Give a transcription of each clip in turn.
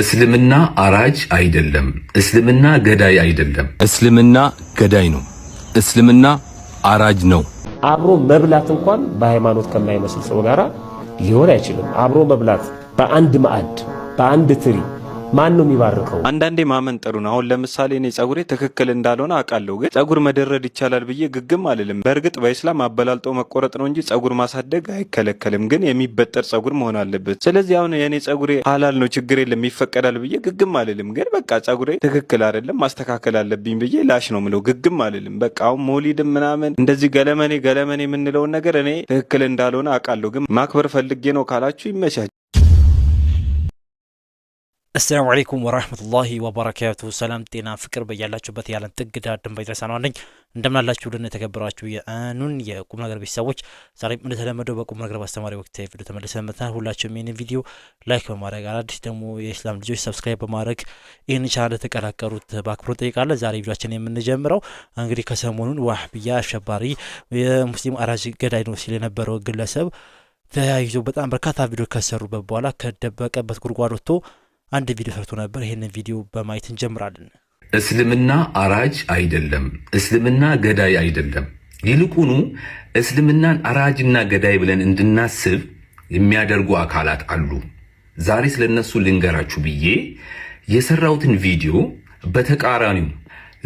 እስልምና አራጅ አይደለም። እስልምና ገዳይ አይደለም። እስልምና ገዳይ ነው። እስልምና አራጅ ነው። አብሮ መብላት እንኳን በሃይማኖት ከማይመስል ሰው ጋራ ሊሆን አይችልም። አብሮ መብላት በአንድ ማዕድ በአንድ ትሪ ማን ነው የሚባርከው? አንዳንዴ ማመን ጥሩ ነው። አሁን ለምሳሌ እኔ ጸጉሬ ትክክል እንዳልሆነ አውቃለሁ፣ ግን ጸጉር መደረድ ይቻላል ብዬ ግግም አልልም። በእርግጥ በኢስላም አበላልጦ መቆረጥ ነው እንጂ ጸጉር ማሳደግ አይከለከልም፣ ግን የሚበጠር ጸጉር መሆን አለበት። ስለዚህ አሁን የእኔ ጸጉሬ ሀላል ነው ችግር የለም ይፈቀዳል ብዬ ግግም አልልም፣ ግን በቃ ጸጉሬ ትክክል አይደለም ማስተካከል አለብኝ ብዬ ላሽ ነው ምለው፣ ግግም አልልም። በቃ አሁን ሞሊድም ምናምን እንደዚህ ገለመኔ ገለመኔ የምንለውን ነገር እኔ ትክክል እንዳልሆነ አውቃለሁ፣ ግን ማክበር ፈልጌ ነው ካላችሁ ይመቻል። አሰላሙ አለይኩም ወራህመቱላሂ ወበረካቱ። ሰላም ጤና ፍቅር በያላችሁበት የዓለም ጥግ ዳር ድንበር ይድረስ ነው አንደኝ እንደምናላችሁ ድን የተከበራችሁ የአኑን የቁም ነገር ቤተሰቦች ዛሬም እንደተለመደው በቁም ነገር በአስተማሪ ወቅት ቪዲዮ ተመልሰን መጥተናል። ሁላችሁም ይህን ቪዲዮ ላይክ በማድረግ አዳዲስ ደግሞ የእስላም ልጆች ሰብስክራይብ በማድረግ ይህን ቻናል ተቀላቀሉት በአክብሮ ጠይቃለን። ዛሬ ቪዲዮችን የምንጀምረው እንግዲህ ከሰሞኑን ዋህብያ አሸባሪ የሙስሊም አራጅ ገዳይ ነው ሲል የነበረው ግለሰብ ተያይዞ በጣም በርካታ ቪዲዮ ከሰሩበት በኋላ ከደበቀበት ጉድጓድ ወጥቶ አንድ ቪዲዮ ሰርቶ ነበር። ይህንን ቪዲዮ በማየት እንጀምራለን። እስልምና አራጅ አይደለም። እስልምና ገዳይ አይደለም። ይልቁኑ እስልምናን አራጅና ገዳይ ብለን እንድናስብ የሚያደርጉ አካላት አሉ። ዛሬ ስለነሱ ልንገራችሁ ብዬ የሰራሁትን ቪዲዮ በተቃራኒው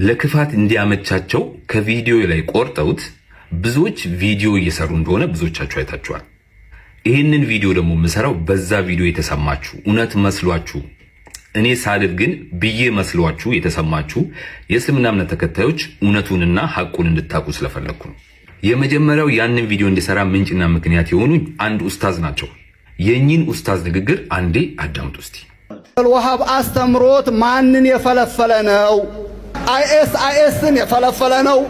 ለክፋት እንዲያመቻቸው ከቪዲዮ ላይ ቆርጠውት ብዙዎች ቪዲዮ እየሰሩ እንደሆነ ብዙዎቻችሁ አይታችኋል። ይህንን ቪዲዮ ደግሞ የምሰራው በዛ ቪዲዮ የተሰማችሁ እውነት መስሏችሁ እኔ ሳልል ግን ብዬ መስሏችሁ የተሰማችሁ የእስልምና እምነት ተከታዮች እውነቱንና ሐቁን እንድታውቁ ስለፈለግኩ ነው። የመጀመሪያው ያንን ቪዲዮ እንዲሰራ ምንጭና ምክንያት የሆኑ አንድ ኡስታዝ ናቸው። የእኚህን ኡስታዝ ንግግር አንዴ አዳምጡ እስቲ። አልወሃብ አስተምሮት ማንን የፈለፈለ ነው? አይኤስ አይኤስን የፈለፈለ ነው።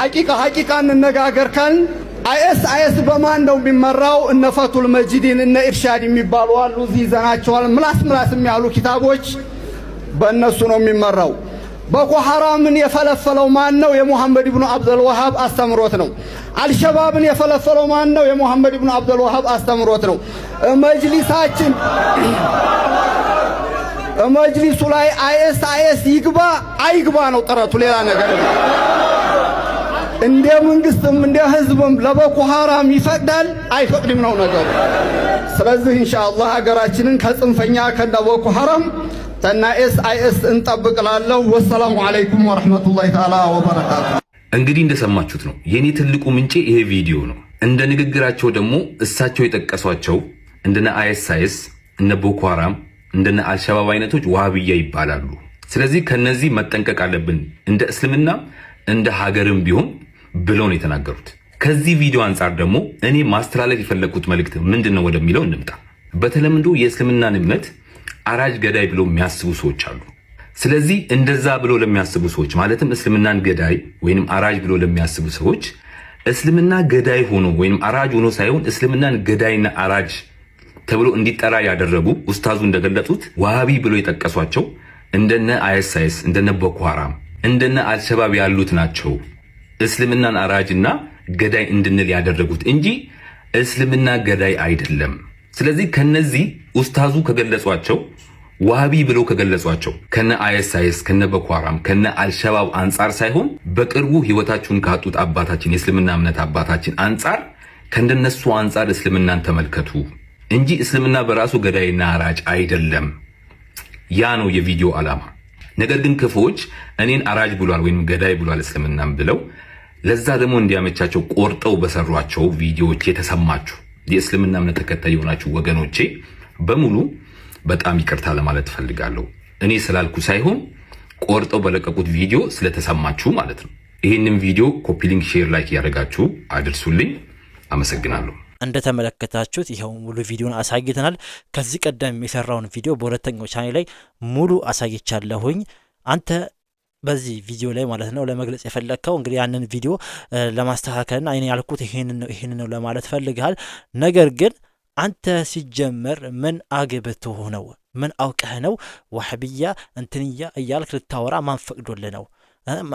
ሐቂቃ ሐቂቃ እንነጋገር ካልን አይኤስ አይኤስ በማን ነው የሚመራው? እነ ፈቱል መጂዲን እነ ኢርሻድ የሚባሉ አሉ። እዚህ ይዘናቸዋል። ምላስ ምላስ የሚያሉ ኪታቦች በእነሱ ነው የሚመራው። ቦኮ ሐራምን የፈለፈለው ማን ነው? የሙሐመድ ብኑ አብደል ወሃብ አስተምሮት ነው። አልሸባብን የፈለፈለው ማን ነው? የሙሐመድ ብኑ አብደል ወሃብ አስተምሮት ነው። መጅሊሳችን መጅሊሱ ላይ አይኤስ አይኤስ ይግባ አይግባ ነው ጥረቱ፣ ሌላ ነገር ነው። እንደ መንግስትም እንደ ህዝብም ለቦኮ ሐራም ይፈቅዳል አይፈቅድም ነው ነገሩ። ስለዚህ ኢንሻአላህ ሀገራችንን ከጽንፈኛ ከነቦኮ ሐራም ተና ኤስ አይ ኤስ እንጠብቅላለሁ። ወሰላሙ አለይኩም ወረሕመቱላሂ ተዓላ ወበረካቱ። እንግዲህ እንደሰማችሁት ነው የእኔ ትልቁ ምንጭ ይሄ ቪዲዮ ነው። እንደ ንግግራቸው ደግሞ እሳቸው የጠቀሷቸው እንደነ አይኤስአይኤስ እነ ቦኮ ሐራም እንደነ አልሸባብ አይነቶች ዋህብያ ይባላሉ። ስለዚህ ከነዚህ መጠንቀቅ አለብን እንደ እስልምና እንደ ሀገርም ቢሆን ብለው ነው የተናገሩት። ከዚህ ቪዲዮ አንጻር ደግሞ እኔ ማስተላለፍ የፈለግኩት መልእክት ምንድን ነው ወደሚለው እንምጣ። በተለምዶ የእስልምናን እምነት አራጅ ገዳይ ብሎ የሚያስቡ ሰዎች አሉ። ስለዚህ እንደዛ ብሎ ለሚያስቡ ሰዎች ማለትም እስልምናን ገዳይ ወይም አራጅ ብሎ ለሚያስቡ ሰዎች እስልምና ገዳይ ሆኖ ወይም አራጅ ሆኖ ሳይሆን እስልምናን ገዳይና አራጅ ተብሎ እንዲጠራ ያደረጉ ኡስታዙ እንደገለጹት ዋሃቢ ብሎ የጠቀሷቸው እንደነ አይስ አይኤስ እንደነ ቦኮ ሃራም እንደነ አልሸባብ ያሉት ናቸው። እስልምናን አራጅና ገዳይ እንድንል ያደረጉት እንጂ እስልምና ገዳይ አይደለም። ስለዚህ ከነዚህ ኡስታዙ ከገለጿቸው ዋሃቢ ብለው ከገለጿቸው ከነ አይኤስአይኤስ ከነ በኳራም ከነ አልሸባብ አንጻር ሳይሆን በቅርቡ ህይወታችሁን ካጡት አባታችን የእስልምና እምነት አባታችን አንጻር ከእንደነሱ አንጻር እስልምናን ተመልከቱ እንጂ እስልምና በራሱ ገዳይና አራጭ አይደለም። ያ ነው የቪዲዮ ዓላማ። ነገር ግን ክፉዎች እኔን አራጅ ብሏል ወይም ገዳይ ብሏል እስልምናም ብለው ለዛ ደግሞ እንዲያመቻቸው ቆርጠው በሰሯቸው ቪዲዮዎች የተሰማችሁ የእስልምና እምነት ተከታይ የሆናችሁ ወገኖቼ በሙሉ በጣም ይቅርታ ለማለት ፈልጋለሁ። እኔ ስላልኩ ሳይሆን ቆርጠው በለቀቁት ቪዲዮ ስለተሰማችሁ ማለት ነው። ይህንም ቪዲዮ ኮፒሊንግ፣ ሼር፣ ላይክ እያደረጋችሁ አድርሱልኝ። አመሰግናለሁ። እንደተመለከታችሁት ይኸው ሙሉ ቪዲዮን አሳይተናል። ከዚህ ቀደም የሰራውን ቪዲዮ በሁለተኛው ቻኔል ላይ ሙሉ አሳይቻለሁኝ። አንተ በዚህ ቪዲዮ ላይ ማለት ነው ለመግለጽ የፈለግከው እንግዲህ ያንን ቪዲዮ ለማስተካከልና አይን ያልኩት ይህንን ነው ይህንን ነው ለማለት ፈልግሃል። ነገር ግን አንተ ሲጀመር ምን አግብቶህ ነው? ምን አውቀህ ነው ዋህብያ እንትንያ እያልክ ልታወራ ማን ፈቅዶልህ ነው?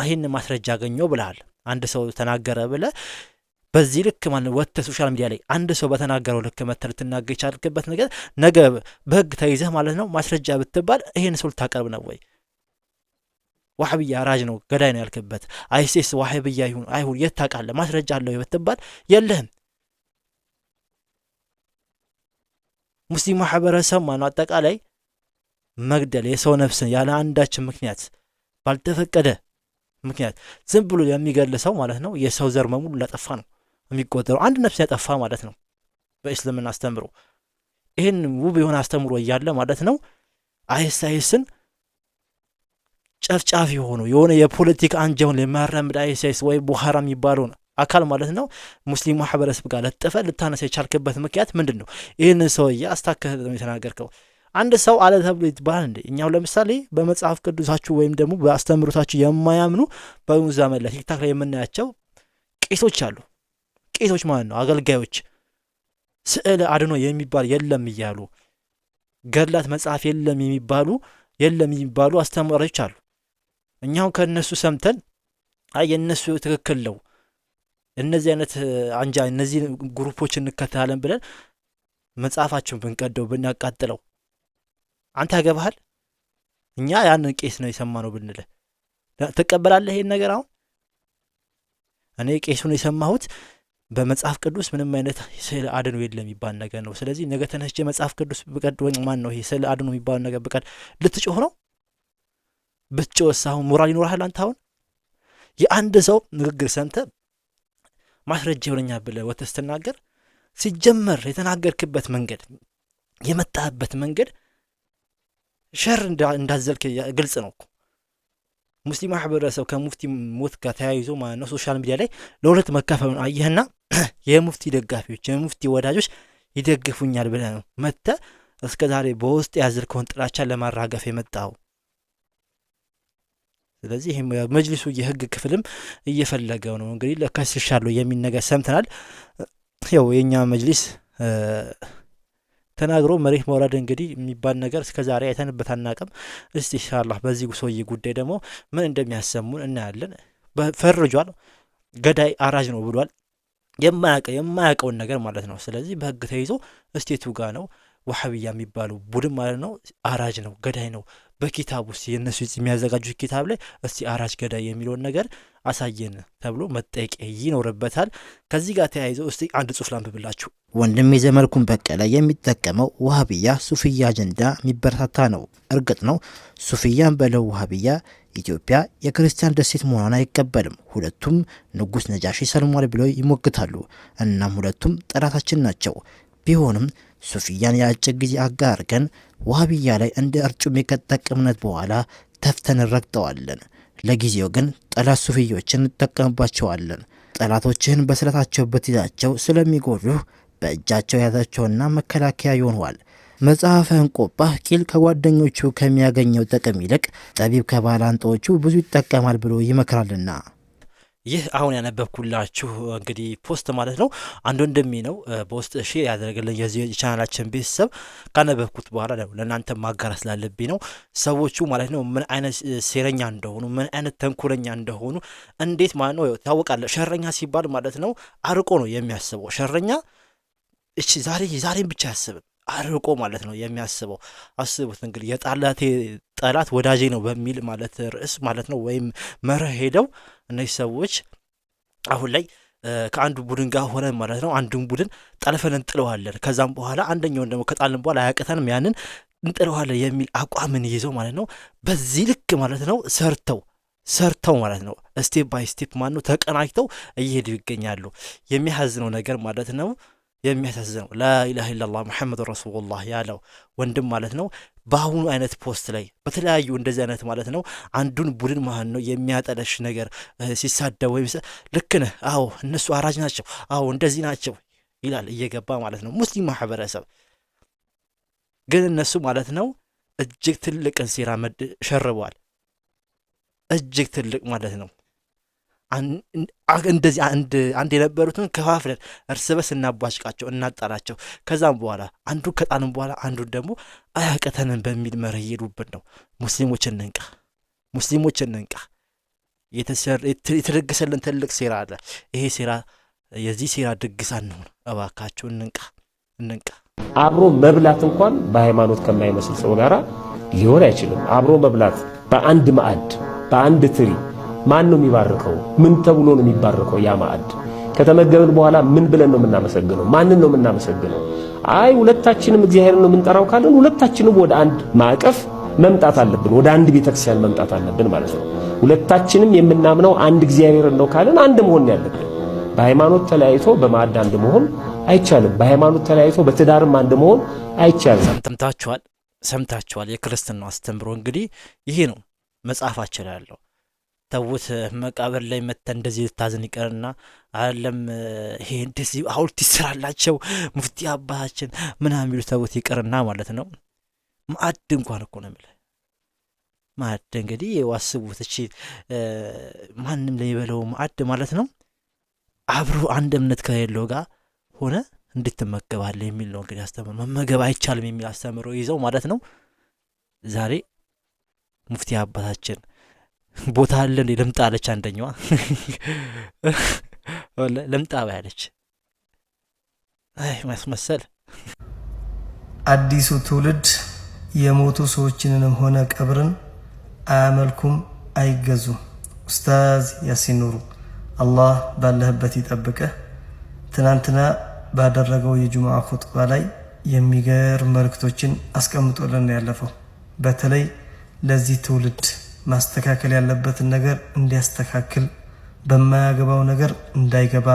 ይህን ማስረጃ አገኘው ብለሃል። አንድ ሰው ተናገረ ብለ በዚህ ልክ ማለት ወጥተህ ሶሻል ሚዲያ ላይ አንድ ሰው በተናገረው ልክ መተህ ልትናገር የቻልክበት ነገር ነገ በህግ ተይዘህ ማለት ነው ማስረጃ ብትባል ይህን ሰው ልታቀርብ ነው ወይ? ዋህብያ ራጅ ነው ገዳይ ነው ያልክበት አይሲስ ዋህብያ ይሁን አይሁን የት ታውቃለህ? ማስረጃ አለው የበትባል የለህም። ሙስሊም ማህበረሰብ ማነው አጠቃላይ መግደል የሰው ነፍስን ያለ አንዳችን ምክንያት ባልተፈቀደ ምክንያት ዝም ብሎ የሚገል ሰው ማለት ነው የሰው ዘር መሙሉ ላጠፋ ነው የሚቆጠረው አንድ ነፍስ ያጠፋ ማለት ነው በእስልምና አስተምሮ ይህን ውብ የሆነ አስተምሮ እያለ ማለት ነው አይስ አይስን ጨፍጫፊ የሆኑ የሆነ የፖለቲካ አንጃውን ለማራምድ አይሲስ ወይም ቡሃራ የሚባለውን አካል ማለት ነው ሙስሊም ማህበረሰብ ጋር ለጥፈ ልታነሳ የቻልክበት ምክንያት ምንድን ነው? ይህን ሰውዬ አስታከህ ነው የተናገርከው። አንድ ሰው አለ ተብሎ ይባላል እንዴ? እኛው ለምሳሌ በመጽሐፍ ቅዱሳችሁ ወይም ደግሞ በአስተምሮታችሁ የማያምኑ በአሁኑ ዘመን ላይ ቲክታክ ላይ የምናያቸው ቄሶች አሉ። ቄሶች ማለት ነው አገልጋዮች ስዕል አድኖ የሚባል የለም እያሉ ገድላት መጽሐፍ የለም የሚባሉ የለም የሚባሉ አስተማሪዎች አሉ። እኛሁን ከእነሱ ሰምተን አይ የእነሱ ትክክል ነው እነዚህ አይነት አንጃ እነዚህ ግሩፖች እንከተላለን ብለን መጽሐፋቸውን ብንቀደው ብናቃጥለው አንተ ያገባሃል እኛ ያንን ቄስ ነው የሰማ ነው ብንለ ትቀበላለህ ይህን ነገር አሁን እኔ ቄሱን የሰማሁት በመጽሐፍ ቅዱስ ምንም አይነት ስዕል አድኖ የለም የሚባል ነገር ነው ስለዚህ ነገ ተነስቼ መጽሐፍ ቅዱስ ብቀድ ወይ ማን ነው ይሄ አድኖ የሚባል ነገር ብቀድ ልትጮህ ነው ብትጮስ ሞራል ይኖርሃል አንተ? አሁን የአንድ ሰው ንግግር ሰምተ ማስረጃ ይሆነኛ ብለ ወተ ስትናገር ሲጀመር የተናገርክበት መንገድ የመጣህበት መንገድ ሸር እንዳዘልክ ግልጽ ነው እኮ። ሙስሊም ማህበረሰብ ከሙፍቲ ሞት ጋር ተያይዞ ማለት ነው ሶሻል ሚዲያ ላይ ለሁለት መካፈሉን አየህና የሙፍቲ ደጋፊዎች የሙፍቲ ወዳጆች ይደግፉኛል ብለህ ነው መጥተህ እስከ ዛሬ በውስጥ ያዘልከውን ጥላቻ ለማራገፍ የመጣው ስለዚህ ይህም መጅሊሱ የህግ ክፍልም እየፈለገው ነው። እንግዲህ ለከስሻለሁ የሚል ነገር ሰምተናል። ያው የእኛ መጅሊስ ተናግሮ መሬት መውረድ እንግዲህ የሚባል ነገር እስከ ዛሬ አይተንበት አናቅም። እስቲ ኢንሻላህ በዚህ ሰውዬ ጉዳይ ደግሞ ምን እንደሚያሰሙን እናያለን። ፈርጇል። ገዳይ አራጅ ነው ብሏል። የማያውቀው የማያውቀውን ነገር ማለት ነው። ስለዚህ በህግ ተይዞ እስቴቱ ጋ ነው። ዋሀብያ የሚባሉ ቡድን ማለት ነው። አራጅ ነው፣ ገዳይ ነው በኪታብ ውስጥ የእነሱ የሚያዘጋጁት ኪታብ ላይ እስቲ አራጅ ገዳይ የሚለውን ነገር አሳየን ተብሎ መጠየቅ ይኖርበታል። ከዚህ ጋር ተያይዘው እስቲ አንድ ጽሁፍ ላንብብላችሁ። ወንድም የዘመልኩን በቀለ የሚጠቀመው ውሃብያ ሱፍያ አጀንዳ የሚበረታታ ነው። እርግጥ ነው ሱፍያን በለው ውሃብያ ኢትዮጵያ የክርስቲያን ደሴት መሆኗን አይቀበልም። ሁለቱም ንጉሥ ነጃሺ ሰልሟል ብለው ይሞግታሉ። እናም ሁለቱም ጠላታችን ናቸው። ቢሆንም ሱፊያን የአጭር ጊዜ አጋርገን ዋብያ ላይ እንደ እርጩሜ ከተጠቀምነት በኋላ ተፍተን ረግጠዋለን። ለጊዜው ግን ጠላት ሱፊዮችን እንጠቀምባቸዋለን። ጠላቶችህን በስለታቸው ብትይዛቸው ስለሚጎዱህ በእጃቸው የያዛቸውና መከላከያ ይሆንዋል። መጽሐፈ እንቆጳ ቂል ከጓደኞቹ ከሚያገኘው ጥቅም ይልቅ ጠቢብ ከባላንጣዎቹ ብዙ ይጠቀማል ብሎ ይመክራልና ይህ አሁን ያነበብኩላችሁ እንግዲህ ፖስት ማለት ነው። አንድ ወንድሜ ነው በውስጥ ሼር ያደረገልን የዚህ የቻናላችን ቤተሰብ ካነበብኩት በኋላ ነው ለእናንተ ማጋራ ስላለብኝ ነው። ሰዎቹ ማለት ነው ምን አይነት ሴረኛ እንደሆኑ፣ ምን አይነት ተንኮለኛ እንደሆኑ እንዴት ማለት ነው ታወቃለ። ሸረኛ ሲባል ማለት ነው አርቆ ነው የሚያስበው። ሸረኛ እቺ ዛሬ ዛሬን ብቻ አያስብም። አርቆ ማለት ነው የሚያስበው። አስቡት እንግዲህ የጣላቴ ጠላት ወዳጄ ነው በሚል ማለት ርዕስ ማለት ነው ወይም መርህ ሄደው እነዚህ ሰዎች አሁን ላይ ከአንዱ ቡድን ጋር ሆነን ማለት ነው አንዱን ቡድን ጠልፈን እንጥለዋለን፣ ከዛም በኋላ አንደኛውን ደግሞ ከጣልን በኋላ አያቅተንም ያንን እንጥለዋለን የሚል አቋምን ይዘው ማለት ነው በዚህ ልክ ማለት ነው ሰርተው ሰርተው ማለት ነው ስቴፕ ባይ ስቴፕ ማን ነው ተቀናጅተው እየሄዱ ይገኛሉ። የሚያዝነው ነገር ማለት ነው የሚያሳዝነው ላኢላህ ኢላላህ ሙሐመድ ረሱሉላህ ያለው ወንድም ማለት ነው። በአሁኑ አይነት ፖስት ላይ በተለያዩ እንደዚህ አይነት ማለት ነው አንዱን ቡድን ማለት ነው የሚያጠለሽ ነገር ሲሳደብ ወይም ልክ ነህ፣ አዎ እነሱ አራጅ ናቸው፣ አዎ እንደዚህ ናቸው ይላል እየገባ ማለት ነው ሙስሊም ማህበረሰብ ግን እነሱ ማለት ነው እጅግ ትልቅን ሴራ ሸርበዋል። እጅግ ትልቅ ማለት ነው እንደዚህ አንድ አንድ የነበሩትን ከፋፍለን እርስ በስ እናቧጭቃቸው፣ እናጣላቸው። ከዛም በኋላ አንዱ ከጣንም በኋላ አንዱን ደግሞ አያቀተንን በሚል መርህ እየሄዱብን ነው። ሙስሊሞች እንንቃ፣ ሙስሊሞች እንንቃ። የተደገሰልን ትልቅ ሴራ አለ። ይሄ ሴራ የዚህ ሴራ ድግስ አንሆን። እባካችሁ እንንቃ፣ እንንቃ። አብሮ መብላት እንኳን በሃይማኖት ከማይመስል ሰው ጋር ሊሆን አይችልም። አብሮ መብላት በአንድ ማዕድ በአንድ ትሪ ማን ነው የሚባርከው? ምን ተብሎ ነው የሚባርከው? ያ ማዕድ ከተመገብን በኋላ ምን ብለን ነው የምናመሰግነው? ማንን ነው የምናመሰግነው? አይ ሁለታችንም እግዚአብሔርን ነው የምንጠራው ካለን ሁለታችንም ወደ አንድ ማዕቀፍ መምጣት አለብን። ወደ አንድ ቤተክርስቲያን መምጣት አለብን ማለት ነው። ሁለታችንም የምናምነው አንድ እግዚአብሔር ነው ካለን አንድ መሆን ያለብን። በሃይማኖት ተለያይቶ በማዕድ አንድ መሆን አይቻልም። በሃይማኖት ተለያይቶ በትዳርም አንድ መሆን አይቻልም። ሰምታችኋል፣ ሰምታችኋል። የክርስትናው አስተምሮ እንግዲህ ይሄ ነው መጽሐፋችን ያለው ተውት መቃብር ላይ መተን እንደዚህ ልታዝን ይቀርና አለም ይሄ እንደዚህ ሐውልት ይስራላቸው ሙፍቲ አባታችን ምናምን ቢሉ ተውት ይቀርና ማለት ነው። ማዕድ እንኳን እኮ ነው የሚለው ማዕድ እንግዲህ ዋስቡት። እቺ ማንም ለሚበለው ማዕድ ማለት ነው። አብሮ አንድ እምነት ከሌለው ጋር ሆነ እንድትመገባለ የሚል ነው እንግዲህ አስተምሮ መመገብ አይቻልም የሚል አስተምሮ ይዘው ማለት ነው። ዛሬ ሙፍቲ አባታችን ቦታ አለ እንዴ ልምጣ አለች አንደኛዋ ልምጣ ባያለች ማስመሰል አዲሱ ትውልድ የሞቱ ሰዎችንንም ሆነ ቀብርን አያመልኩም አይገዙም ኡስታዝ ያሲን ኑሩ አላህ ባለህበት ይጠብቀህ ትናንትና ባደረገው የጁምዓ ኹጥባ ላይ የሚገርም መልእክቶችን አስቀምጦልን ያለፈው በተለይ ለዚህ ትውልድ ማስተካከል ያለበትን ነገር እንዲያስተካክል፣ በማያገባው ነገር እንዳይገባ፣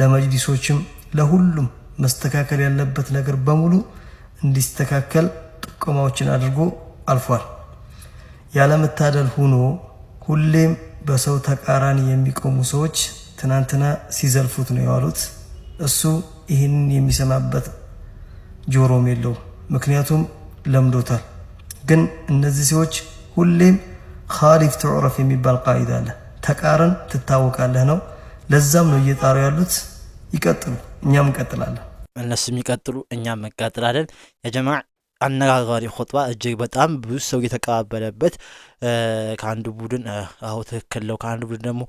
ለመጅሊሶችም ለሁሉም መስተካከል ያለበት ነገር በሙሉ እንዲስተካከል ጥቆማዎችን አድርጎ አልፏል። ያለመታደል ሆኖ ሁሌም በሰው ተቃራኒ የሚቆሙ ሰዎች ትናንትና ሲዘልፉት ነው የዋሉት። እሱ ይህንን የሚሰማበት ጆሮም የለውም፣ ምክንያቱም ለምዶታል። ግን እነዚህ ሰዎች ሁሌም ካሊፍ ትዑረፍ የሚባል ቃይዳ አለ። ተቃረን ትታወቃለህ ነው። ለዛም ነው እየጣሩ ያሉት። ይቀጥሉ፣ እኛም እንቀጥላለን። እነሱም ይቀጥሉ፣ እኛም እንቀጥላለን። የጀማዕ አነጋጋሪ ኹጥባ እጅግ በጣም ብዙ ሰው የተቀባበለበት ከአንድ ቡድን አሁ ትክክል ነው፣ ከአንድ ቡድን ደግሞ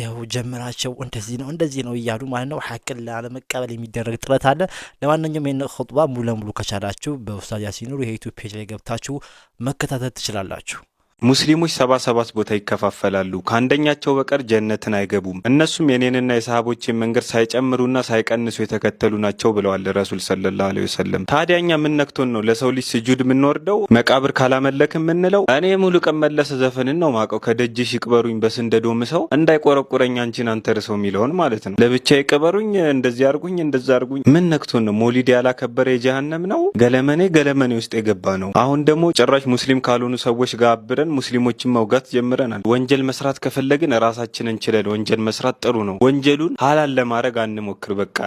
ይኸው ጀምራቸው እንደዚህ ነው እንደዚህ ነው እያሉ ማለት ነው ሀቅን ላለመቀበል የሚደረግ ጥረት አለ። ለማንኛውም ይህን ኹጥባ ሙሉ ለሙሉ ከቻላችሁ በኡስታዝ ሲኖሩ የዩቱብ ፔጅ ላይ ገብታችሁ መከታተል ትችላላችሁ። ሙስሊሞች ሰባ ሰባት ቦታ ይከፋፈላሉ፣ ከአንደኛቸው በቀር ጀነትን አይገቡም። እነሱም የኔንና የሰሃቦችን መንገድ ሳይጨምሩና ሳይቀንሱ የተከተሉ ናቸው ብለዋል ረሱል ሰለላሁ ዐለይሂ ወሰለም። ታዲያኛ ምን ነክቶን ነው ለሰው ልጅ ስጁድ የምንወርደው መቃብር ካላመለክ የምንለው? እኔ ሙሉ ቀን መለሰ ዘፈንን ነው ማቀው ከደጅሽ ይቅበሩኝ በስንደ ዶም ሰው እንዳይቆረቁረኝ አንቺን ርሰው የሚለውን ማለት ነው። ለብቻ ይቅበሩኝ፣ እንደዚህ አርጉኝ፣ እንደዛ አርጉኝ። ምን ነክቶን ነው? ሞሊድ ያላከበረ የጀሃነም ነው። ገለመኔ ገለመኔ ውስጥ የገባ ነው። አሁን ደግሞ ጭራሽ ሙስሊም ካልሆኑ ሰዎች ጋር አብረን ሙስሊሞችን መውጋት ጀምረናል። ወንጀል መስራት ከፈለግን ራሳችንን ችለን ወንጀል መስራት ጥሩ ነው። ወንጀሉን ሀላል ለማድረግ አንሞክር። በቃ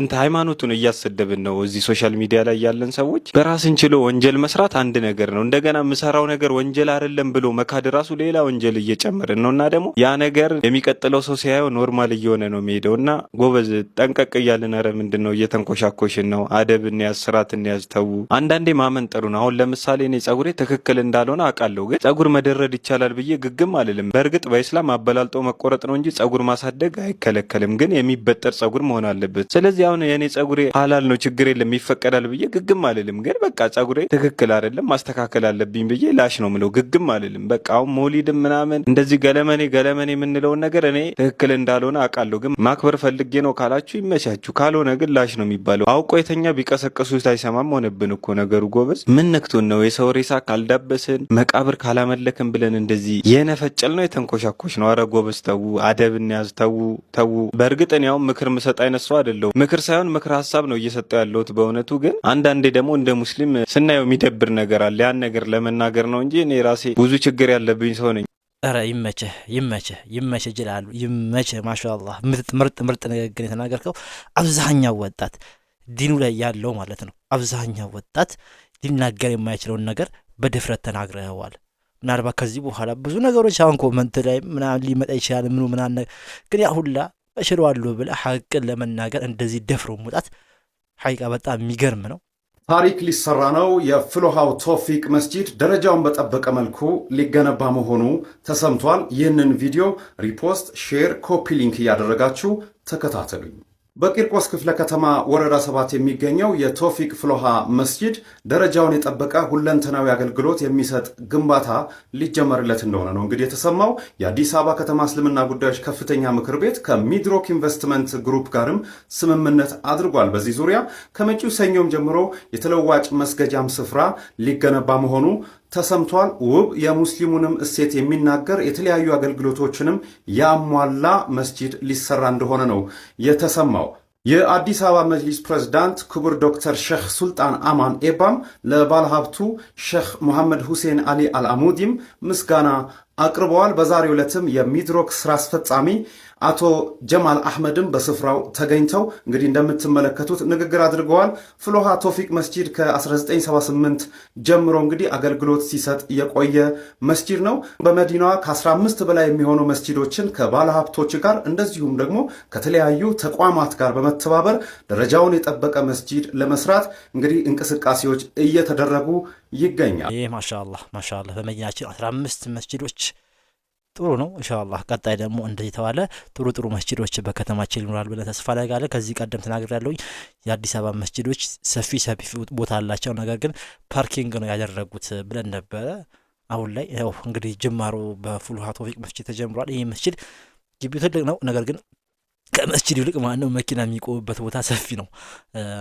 እንተ ሃይማኖቱን እያሰደብን ነው። እዚህ ሶሻል ሚዲያ ላይ ያለን ሰዎች በራስን ችሎ ወንጀል መስራት አንድ ነገር ነው። እንደገና የምሰራው ነገር ወንጀል አይደለም ብሎ መካድ ራሱ ሌላ ወንጀል እየጨመርን ነው እና ደግሞ ያ ነገር የሚቀጥለው ሰው ሲያየው ኖርማል እየሆነ ነው የሚሄደው እና ጎበዝ ጠንቀቅ እያልን ኧረ ምንድን ነው እየተንኮሻኮሽን ነው። አደብ እንያዝ፣ ስርዓት እንያዝ። ተዉ አንዳንዴ ማመን ጥሩ ነው። አሁን ለምሳሌ እኔ ጸጉሬ ትክክል እንዳልሆነ አውቃለሁ ግን ጸጉር መደረድ ይቻላል ብዬ ግግም አልልም። በእርግጥ በኢስላም አበላልጦ መቆረጥ ነው እንጂ ጸጉር ማሳደግ አይከለከልም፣ ግን የሚበጠር ጸጉር መሆን አለበት። ስለዚህ አሁን የእኔ ጸጉሬ ሀላል ነው ችግር የለም ይፈቀዳል ብዬ ግግም አልልም፣ ግን በቃ ጸጉሬ ትክክል አይደለም ማስተካከል አለብኝ ብዬ ላሽ ነው ምለው፣ ግግም አልልም። በቃ አሁን ሞሊድም ምናምን እንደዚህ ገለመኔ ገለመኔ የምንለውን ነገር እኔ ትክክል እንዳልሆነ አውቃለሁ፣ ግን ማክበር ፈልጌ ነው ካላችሁ ይመቻችሁ፣ ካልሆነ ግን ላሽ ነው የሚባለው። አውቆ የተኛ ቢቀሰቀሱ አይሰማም ሆነብን እኮ ነገሩ። ጎበዝ ምን ነክቶን ነው የሰው ሬሳ ካልዳበስን መቃብር አላመለክም ብለን እንደዚህ የነፈጨል ነው የተንኮሻኮሽ ነው። አረ ጎበዝ ተዉ፣ አደብ እንያዝ፣ ተዉ ተዉ። በእርግጥ እኔ አሁን ምክር ምሰጥ አይነት ሰው አደለው። ምክር ሳይሆን ምክር ሀሳብ ነው እየሰጠው ያለሁት። በእውነቱ ግን አንዳንዴ ደግሞ እንደ ሙስሊም ስናየው የሚደብር ነገር አለ። ያን ነገር ለመናገር ነው እንጂ እኔ ራሴ ብዙ ችግር ያለብኝ ሰው ነኝ። ረ ይመችህ ይመችህ ይመችህ ይችላሉ ይመችህ። ማሻአላህ ምርጥ ምርጥ ንግግር የተናገርከው። አብዛኛው ወጣት ዲኑ ላይ ያለው ማለት ነው አብዛኛው ወጣት ሊናገር የማይችለውን ነገር በድፍረት ተናግረዋል። ምናልባት ከዚህ በኋላ ብዙ ነገሮች አሁን ኮመንት ላይ ምናምን ሊመጣ ይችላል። ምኑ ምናምን ግን ያ ሁላ እችለዋለሁ ሀቅን ለመናገር እንደዚህ ደፍሮ መውጣት ሀቂቃ በጣም የሚገርም ነው። ታሪክ ሊሰራ ነው። የፍሎሃው ቶፊቅ መስጂድ ደረጃውን በጠበቀ መልኩ ሊገነባ መሆኑ ተሰምቷል። ይህንን ቪዲዮ ሪፖስት፣ ሼር፣ ኮፒ ሊንክ እያደረጋችሁ ተከታተሉኝ። በቂርቆስ ክፍለ ከተማ ወረዳ ሰባት የሚገኘው የቶፊቅ ፍሎሃ መስጂድ ደረጃውን የጠበቀ ሁለንተናዊ አገልግሎት የሚሰጥ ግንባታ ሊጀመርለት እንደሆነ ነው እንግዲህ የተሰማው። የአዲስ አበባ ከተማ እስልምና ጉዳዮች ከፍተኛ ምክር ቤት ከሚድሮክ ኢንቨስትመንት ግሩፕ ጋርም ስምምነት አድርጓል። በዚህ ዙሪያ ከመጪው ሰኞም ጀምሮ የተለዋጭ መስገጃም ስፍራ ሊገነባ መሆኑ ተሰምቷል። ውብ የሙስሊሙንም እሴት የሚናገር የተለያዩ አገልግሎቶችንም ያሟላ መስጂድ ሊሰራ እንደሆነ ነው የተሰማው። የአዲስ አበባ መጅሊስ ፕሬዝዳንት ክቡር ዶክተር ሼህ ሱልጣን አማን ኤባም ለባለሀብቱ ሼህ ሙሐመድ ሁሴን አሊ አልአሙዲም ምስጋና አቅርበዋል። በዛሬ ዕለትም የሚድሮክ ስራ አስፈጻሚ አቶ ጀማል አህመድም በስፍራው ተገኝተው እንግዲህ እንደምትመለከቱት ንግግር አድርገዋል። ፍሎሃ ቶፊቅ መስጂድ ከ1978 ጀምሮ እንግዲህ አገልግሎት ሲሰጥ የቆየ መስጂድ ነው። በመዲናዋ ከ15 በላይ የሚሆኑ መስጂዶችን ከባለሀብቶች ጋር እንደዚሁም ደግሞ ከተለያዩ ተቋማት ጋር በመተባበር ደረጃውን የጠበቀ መስጂድ ለመስራት እንግዲህ እንቅስቃሴዎች እየተደረጉ ይገኛል። ይህ ማሻአላህ ማሻአላህ በመዲናችን 15 መስጂዶች ጥሩ ነው። ኢንሻአላህ ቀጣይ ደግሞ እንደዚህ የተባለ ጥሩ ጥሩ መስጅዶች በከተማችን ይኖራል ብለን ተስፋ ጋለ ከዚህ ቀደም ተናግር ያለውኝ የአዲስ አበባ መስጅዶች ሰፊ ሰፊ ቦታ አላቸው፣ ነገር ግን ፓርኪንግ ነው ያደረጉት ብለን ነበረ። አሁን ላይ ያው እንግዲህ ጅማሮ በፉልሃ ቶፊቅ መስጅድ ተጀምሯል። ይህ መስጅድ ግቢው ትልቅ ነው፣ ነገር ግን ከመስጅድ ይልቅ ማነው መኪና የሚቆምበት ቦታ ሰፊ ነው።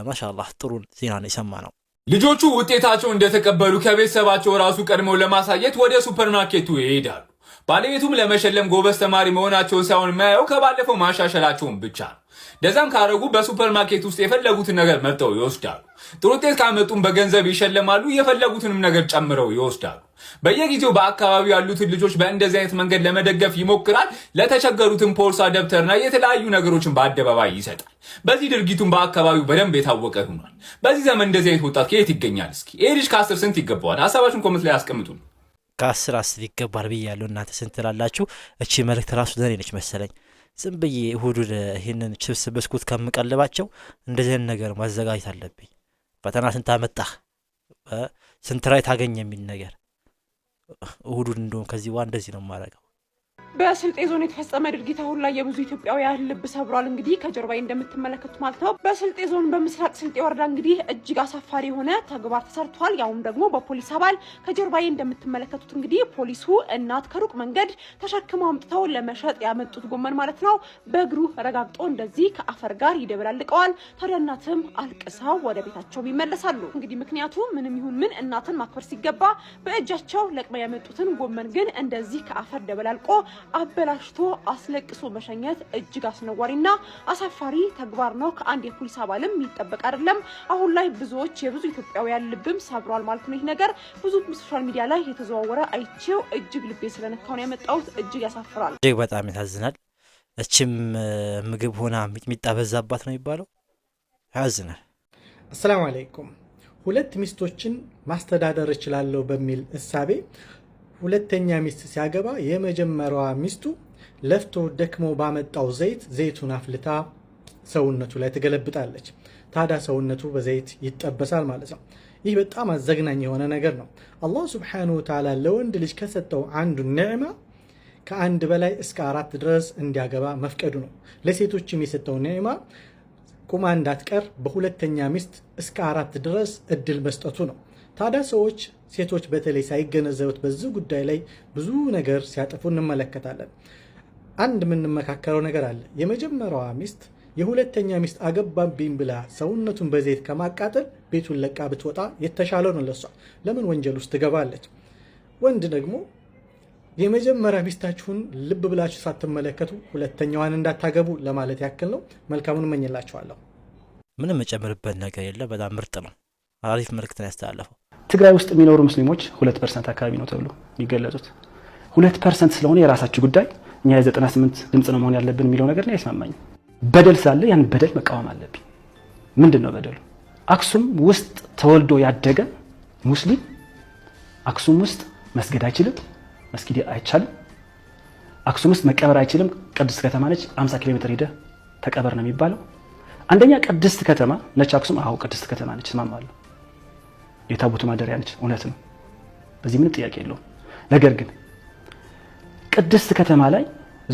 ማሻአላህ ጥሩ ዜና ነው የሰማ ነው። ልጆቹ ውጤታቸው እንደተቀበሉ ከቤተሰባቸው ራሱ ቀድመው ለማሳየት ወደ ሱፐርማርኬቱ ይሄዳሉ። ባለቤቱም ለመሸለም ጎበዝ ተማሪ መሆናቸውን ሳይሆን የሚያየው ከባለፈው ማሻሸላቸውን ብቻ ነው። እንደዛም ካረጉ በሱፐርማርኬት ውስጥ የፈለጉትን ነገር መርጠው ይወስዳሉ። ጥሩ ውጤት ካመጡም በገንዘብ ይሸለማሉ። የፈለጉትንም ነገር ጨምረው ይወስዳሉ። በየጊዜው በአካባቢው ያሉትን ልጆች በእንደዚህ አይነት መንገድ ለመደገፍ ይሞክራል። ለተቸገሩትን ፖርሳ፣ ደብተርና የተለያዩ ነገሮችን በአደባባይ ይሰጣል። በዚህ ድርጊቱን በአካባቢው በደንብ የታወቀ ሆኗል። በዚህ ዘመን እንደዚህ አይነት ወጣት ከየት ይገኛል? እስኪ ይህ ልጅ ከአስር ስንት ይገባዋል? ሀሳባችን ኮመንት ላይ አስቀምጡ። ከአስር አስር ይገባል ብዬ ያለው እናንተ ስንት ላላችሁ? እቺ መልእክት ራሱ ለእኔ ነች መሰለኝ። ዝም ብዬ እሁዱን ይህንን ችብስ ብስኩት ከምቀልባቸው እንደዚህን ነገር ማዘጋጀት አለብኝ። ፈተና ስንት አመጣህ፣ ስንት ራይ ታገኝ የሚል ነገር እሁዱን እንደሁም ከዚህ ዋ እንደዚህ ነው የማደርገው በስልጤ ዞን የተፈጸመ ድርጊት አሁን ላይ የብዙ ኢትዮጵያውያን ልብ ሰብሯል። እንግዲህ ከጀርባ እንደምትመለከቱት ማለት ነው። በስልጤ ዞን በምስራቅ ስልጤ ወረዳ እንግዲህ እጅግ አሳፋሪ የሆነ ተግባር ተሰርቷል። ያውም ደግሞ በፖሊስ አባል ከጀርባዬ እንደምትመለከቱት እንግዲህ ፖሊሱ እናት ከሩቅ መንገድ ተሸክመው አምጥተው ለመሸጥ ያመጡት ጎመን ማለት ነው በእግሩ ረጋግጦ እንደዚህ ከአፈር ጋር ይደበላልቀዋል። ታዲያ እናትም አልቅሰው ወደ ቤታቸው ይመለሳሉ። እንግዲህ ምክንያቱ ምንም ይሁን ምን እናትን ማክበር ሲገባ በእጃቸው ለቅመው ያመጡትን ጎመን ግን እንደዚህ ከአፈር ደበላልቆ አበላሽቶ አስለቅሶ መሸኘት እጅግ አስነዋሪና አሳፋሪ ተግባር ነው። ከአንድ የፖሊስ አባልም ይጠበቅ አይደለም። አሁን ላይ ብዙዎች የብዙ ኢትዮጵያውያን ልብም ሰብሯል ማለት ነው። ይህ ነገር ብዙ ሶሻል ሚዲያ ላይ የተዘዋወረ አይቼው እጅግ ልቤ ስለነካው ነው ያመጣሁት። እጅግ ያሳፍራል። እጅግ በጣም ያሳዝናል። እችም ምግብ ሆና ሚጥሚጣ በዛባት ነው የሚባለው። ያዝናል። አሰላሙ አለይኩም። ሁለት ሚስቶችን ማስተዳደር እችላለሁ በሚል እሳቤ ሁለተኛ ሚስት ሲያገባ የመጀመሪያዋ ሚስቱ ለፍቶ ደክሞ ባመጣው ዘይት ዘይቱን አፍልታ ሰውነቱ ላይ ትገለብጣለች። ታዲያ ሰውነቱ በዘይት ይጠበሳል ማለት ነው። ይህ በጣም አዘግናኝ የሆነ ነገር ነው። አላህ ሱብሓነሁ ወተዓላ ለወንድ ልጅ ከሰጠው አንዱ ኒዕማ ከአንድ በላይ እስከ አራት ድረስ እንዲያገባ መፍቀዱ ነው። ለሴቶችም የሰጠው ኒዕማ ቁማ እንዳትቀር በሁለተኛ ሚስት እስከ አራት ድረስ እድል መስጠቱ ነው። ታዲያ ሰዎች ሴቶች በተለይ ሳይገነዘቡት በዚህ ጉዳይ ላይ ብዙ ነገር ሲያጠፉ እንመለከታለን። አንድ የምንመካከረው ነገር አለ። የመጀመሪያዋ ሚስት የሁለተኛ ሚስት አገባብኝ ብላ ሰውነቱን በዘይት ከማቃጠል ቤቱን ለቃ ብትወጣ የተሻለ ነው ለሷ። ለምን ወንጀል ውስጥ ትገባለች? ወንድ ደግሞ የመጀመሪያ ሚስታችሁን ልብ ብላችሁ ሳትመለከቱ ሁለተኛዋን እንዳታገቡ ለማለት ያክል ነው። መልካሙን እመኝላችኋለሁ። ምንም የምጨምርበት ነገር የለ። በጣም ምርጥ ነው። አሪፍ መልዕክትን ያስተላለፈው ትግራይ ውስጥ የሚኖሩ ሙስሊሞች ሁለት ፐርሰንት አካባቢ ነው ተብሎ የሚገለጹት ሁለት ፐርሰንት ስለሆነ የራሳችሁ ጉዳይ እኛ የዘጠና ስምንት ድምፅ ነው መሆን ያለብን የሚለው ነገር ነው አይስማማኝም። በደል ስላለ ያን በደል መቃወም አለብኝ። ምንድን ነው በደሉ? አክሱም ውስጥ ተወልዶ ያደገ ሙስሊም አክሱም ውስጥ መስገድ አይችልም፣ መስጊድ አይቻልም። አክሱም ውስጥ መቀበር አይችልም። ቅድስት ከተማ ነች፣ 50 ኪሎ ሜትር ሄደ ተቀበር ነው የሚባለው። አንደኛ ቅድስት ከተማ ነች አክሱም። አዎ ቅድስት ከተማ ነች፣ እስማማለሁ የታቦቱ ማደሪያ ነች። እውነት ነው። በዚህ ምንም ጥያቄ የለውም። ነገር ግን ቅድስት ከተማ ላይ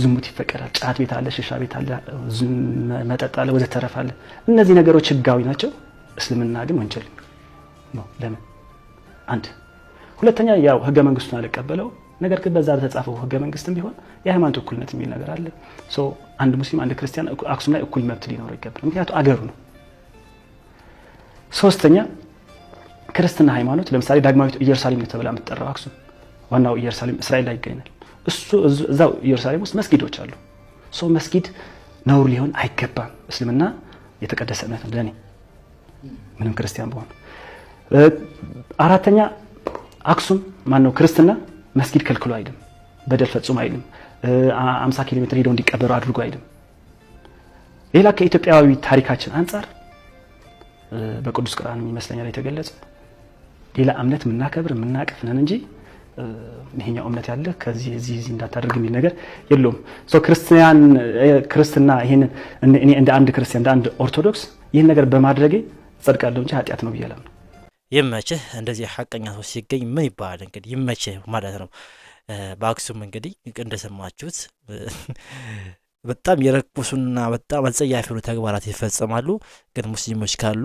ዝሙት ይፈቀዳል። ጫት ቤት አለ፣ ሽሻ ቤት አለ፣ መጠጥ አለ፣ ወዘተረፈ አለ። እነዚህ ነገሮች ህጋዊ ናቸው። እስልምና ግን ወንጀል ነው። ለምን? አንድ ሁለተኛ፣ ያው ህገ መንግስቱን አልቀበለው። ነገር ግን በዛ በተጻፈው ህገ መንግስትም ቢሆን የሃይማኖት እኩልነት የሚል ነገር አለ። አንድ ሙስሊም አንድ ክርስቲያን አክሱም ላይ እኩል መብት ሊኖረው ይገባል። ምክንያቱ አገሩ ነው። ሶስተኛ ክርስትና ሃይማኖት ለምሳሌ ዳግማዊት ኢየሩሳሌም ተብላ የምትጠራው አክሱም ዋናው ኢየሩሳሌም እስራኤል ላይ ይገኛል። እሱ እዛው ኢየሩሳሌም ውስጥ መስጊዶች አሉ። ሰው መስጊድ ነውር ሊሆን አይገባም። እስልምና የተቀደሰ እምነት ነው ለእኔ ምንም ክርስቲያን በሆነ አራተኛ አክሱም ማን ነው ክርስትና መስጊድ ከልክሎ አይልም፣ በደል ፈጽሞ አይልም፣ 50 ኪሎ ሜትር ሄደው እንዲቀበሩ አድርጎ አይልም። ሌላ ከኢትዮጵያዊ ታሪካችን አንጻር በቅዱስ ቁርአን ይመስለኛል የተገለጸ ሌላ እምነት የምናከብር የምናቅፍ ነን እንጂ ይሄኛው እምነት ያለ ከዚህ እዚህ እዚህ እንዳታደርግ የሚል ነገር የለውም። ክርስቲያን ክርስትና ይሄንን እኔ እንደ አንድ ክርስቲያን እንደ አንድ ኦርቶዶክስ ይህን ነገር በማድረጌ ጸድቃለሁ እንጂ ኃጢአት ነው ብያለም ነው። ይመችህ። እንደዚህ ሀቀኛ ሰው ሲገኝ ምን ይባላል እንግዲህ ይመችህ ማለት ነው። በአክሱም እንግዲህ እንደሰማችሁት በጣም የረኩሱና በጣም አጸያፊ የሆኑ ተግባራት ይፈጸማሉ። ግን ሙስሊሞች ካሉ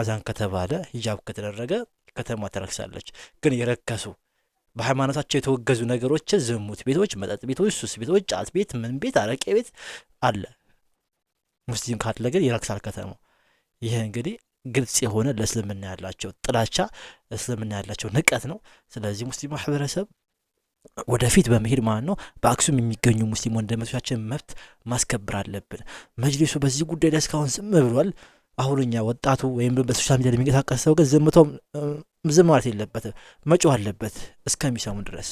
አዛን ከተባለ ሂጃብ ከተደረገ ከተማ ትረክሳለች። ግን የረከሱ በሃይማኖታቸው የተወገዙ ነገሮች ዝሙት ቤቶች፣ መጠጥ ቤቶች፣ ሱስ ቤቶች፣ ጫት ቤት፣ ምን ቤት፣ አረቄ ቤት አለ። ሙስሊም ካለ ግን ይረክሳል ከተማው። ይህ እንግዲህ ግልጽ የሆነ ለእስልምና ያላቸው ጥላቻ፣ እስልምና ያላቸው ንቀት ነው። ስለዚህ ሙስሊም ማህበረሰብ ወደፊት በመሄድ ማለት ነው በአክሱም የሚገኙ ሙስሊም ወንድሞቻችን መብት ማስከበር አለብን። መጅሊሱ በዚህ ጉዳይ ላይ እስካሁን ዝም ብሏል። አሁንኛ ወጣቱ ወይም በሶሻል ሚዲያ የሚንቀሳቀስ ሰው ግን ዝምቶ ዝም ማለት የለበት፣ መጮ አለበት እስከሚሰሙ ድረስ።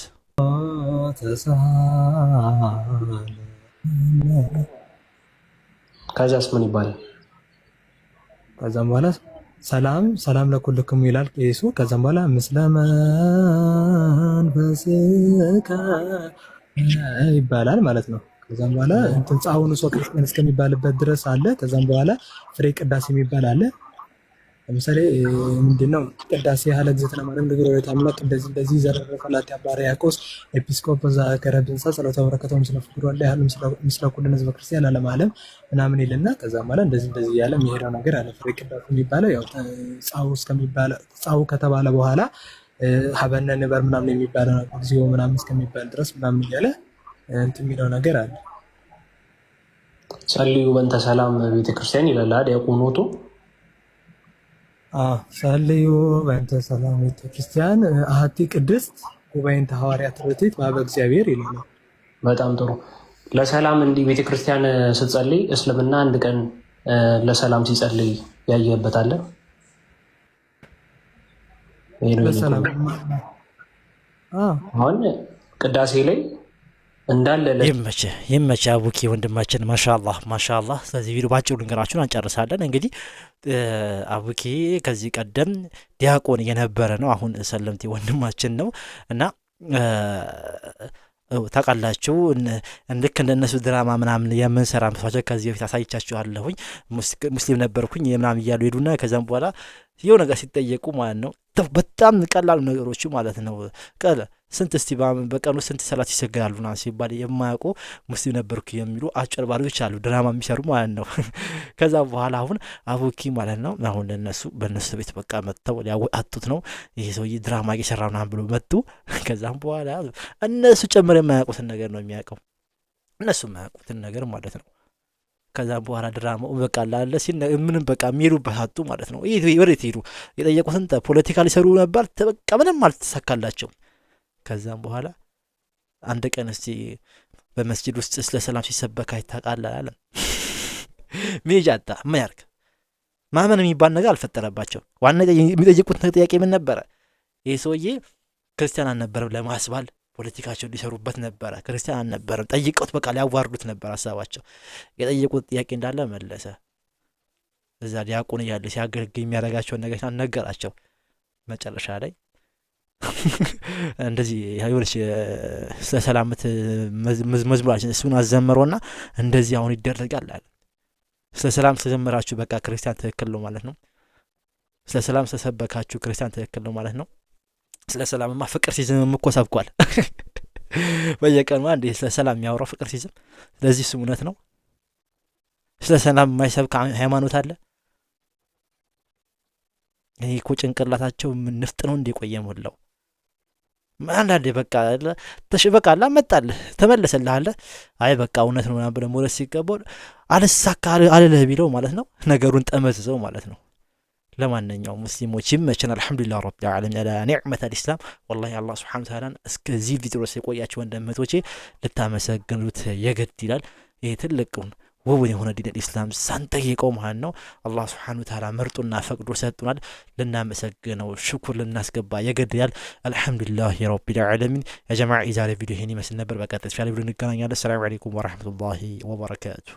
ከዚያስ ምን ይባላል? ከዛም በኋላ ሰላም ሰላም ለኩልክሙ ይላል ቄሱ። ከዛም በኋላ ምስለመንፈስከ ይባላል ማለት ነው። ከዛም በኋላ እንትን ህንፃውን ሰው ክርስቲያን እስከሚባልበት ድረስ አለ። ከዛም በኋላ ፍሬ ቅዳሴ የሚባል አለ። ለምሳሌ ምንድነው ቅዳሴ ያለ ጊዜ ተለማለም ንግሮ የታምና ቅዳሴ እንደዚህ ዘረረፈላት ያባረ ያቆስ ኤጲስቆጶስ ዘከረብንሳ ጸሎተ በረከተውም ስለ ፍቅሩ አለ ያህልም ምስለ ኩልነ ህዝበ ክርስቲያን ዓለም ዓለም ምናምን ይልና ከዛ በኋላ እንደዚህ እንደዚህ ያለ የሚሄደው ነገር አለ። ፍሬ ቅዳሴ የሚባለው ያው ጻው እስከሚባለ ጻው ከተባለ በኋላ ሀበነ ንበር ምናምን የሚባለው እግዚኦ ምናምን እስከሚባል ድረስ ምናምን እያለ እንትን የሚለው ነገር አለ። ጸልዩ በእንተ ሰላም ቤተክርስቲያን ይላል ዲያቆኖቱ። ጸልዩ በእንተ ሰላም ቤተክርስቲያን አሐቲ ቅድስት ጉባኤን ተሐዋርያት ርትዕት በአበ እግዚአብሔር ይላል። በጣም ጥሩ። ለሰላም እንዲህ ቤተክርስቲያን ስትጸልይ እስልምና አንድ ቀን ለሰላም ሲጸልይ ያየበታለን። አሁን ቅዳሴ ላይ እንዳለለ ይመችህ ይመችህ አቡኪ ወንድማችን ማሻላ ማሻላ። ስለዚህ ቪዲዮ ባጭሩ ልንገራችሁን አንጨርሳለን። እንግዲህ አቡኪ ከዚህ ቀደም ዲያቆን የነበረ ነው። አሁን ሰለምቴ ወንድማችን ነው እና ታውቃላችሁ ልክ እንደ እነሱ ድራማ ምናምን የምንሰራ መስሏቸው ከዚህ በፊት አሳይቻችኋለሁኝ። ሙስሊም ነበርኩኝ ምናምን እያሉ ሄዱና ከዚያም በኋላ የው ነገር ሲጠየቁ ማለት ነው በጣም ቀላሉ ነገሮቹ ማለት ነው ቀለ ስንት እስቲ በቀኑ ስንት ሰላት ይሰግዳሉ ና ሲባል የማያውቁ ሙስሊም ነበርኩ የሚሉ አጭበርባሪዎች አሉ፣ ድራማ የሚሰሩ ማለት ነው። ከዛ በኋላ አሁን አቡኪ ማለት ነው አሁን ለነሱ በእነሱ ቤት በቃ መጥተው ሊያወጣቱት ነው። ይሄ ሰውዬ ድራማ እየሰራ ምናምን ብሎ መጡ። ከዛም በኋላ እነሱ ጨምር የማያውቁትን ነገር ነው የሚያውቀው፣ እነሱ የማያውቁትን ነገር ማለት ነው። ከዛ በኋላ ድራማው በቃ ላለ ሲል ምንም በቃ የሚሄዱበት አጡ ማለት ነው። ወዴት ሄዱ? የጠየቁትን ፖለቲካ ሊሰሩ ነበር። በቃ ምንም አልተሳካላቸው። ከዛም በኋላ አንድ ቀን እስቲ በመስጅድ ውስጥ ስለ ሰላም ሲሰበክ አይታቃላል አለ። ሜጅ አጣ ምን ማመን የሚባል ነገር አልፈጠረባቸው። ዋና የሚጠይቁት ጥያቄ ምን ነበረ? ይህ ሰውዬ ክርስቲያን አልነበረም ለማስባል ፖለቲካቸው ሊሰሩበት ነበረ። ክርስቲያን አልነበረም። ጠይቀውት በቃ ሊያዋርዱት ነበር ሀሳባቸው። የጠየቁት ጥያቄ እንዳለ መለሰ። እዛ ዲያቆን እያለ ሲያገለግል የሚያደርጋቸውን ነገር ነገራቸው። መጨረሻ ላይ እንደዚህ የሆነች ስለሰላምት መዝሙራችን እሱን ና እንደዚህ አሁን ይደረጋል አለ። ስለ ሰላም ስለዘመራችሁ በቃ ክርስቲያን ትክክል ነው ማለት ነው። ስለ ሰላም ስለሰበካችሁ ክርስቲያን ትክክል ነው ማለት ነው። ስለ ሰላምማ ፍቅር ሲዝም እኮ ሰብኳል። በየቀኑ አንድ ስለ ሰላም የሚያወራው ፍቅር ሲዝም፣ ስለዚህ እሱም እውነት ነው። ስለ ሰላም የማይሰብክ ሃይማኖት አለ። እኔ እኮ ጭንቅላታቸው ንፍጥ ነው እንደ ሞላው አንዳንዴ በቃ በቃ አላ መጣልህ ተመለሰልህ አለ አይ በቃ እውነት ነው ምናምን ብለህ ሲቀበል ሲገባው አልሳካ አልልህ ቢለው ማለት ነው ነገሩን ጠመዝዘው ማለት ነው። ለማንኛውም ሙስሊሞች ይመችን። አልሐምዱሊላህ ረብ ዓለሚን ላ ኒዕመት አልኢስላም። ወላሂ አላህ ስብሓነ ተዓላን እስከዚህ ቪዲዮ የቆያቸው የቆያችሁ ልታመሰግኑት የገድ ይላል። ይህ ትልቁን ውቡን የሆነ ዲን ልኢስላም ሳንጠይቀው ማለት ነው አላህ ስብሓነሁ ወተዓላ መርጦና ፈቅዶ ሰጡናል። ልናመሰግነው ሽኩር ልናስገባ የገድያል። አልሐምዱሊላህ ረቢል ዓለሚን። የጀማዓ የዛሬ ቪዲዮ ይህን ይመስል ነበር። በቀጣይ ቪዲዮ እንገናኛለን። ሰላም አለይኩም ወረሕመቱላሂ ወበረካቱ።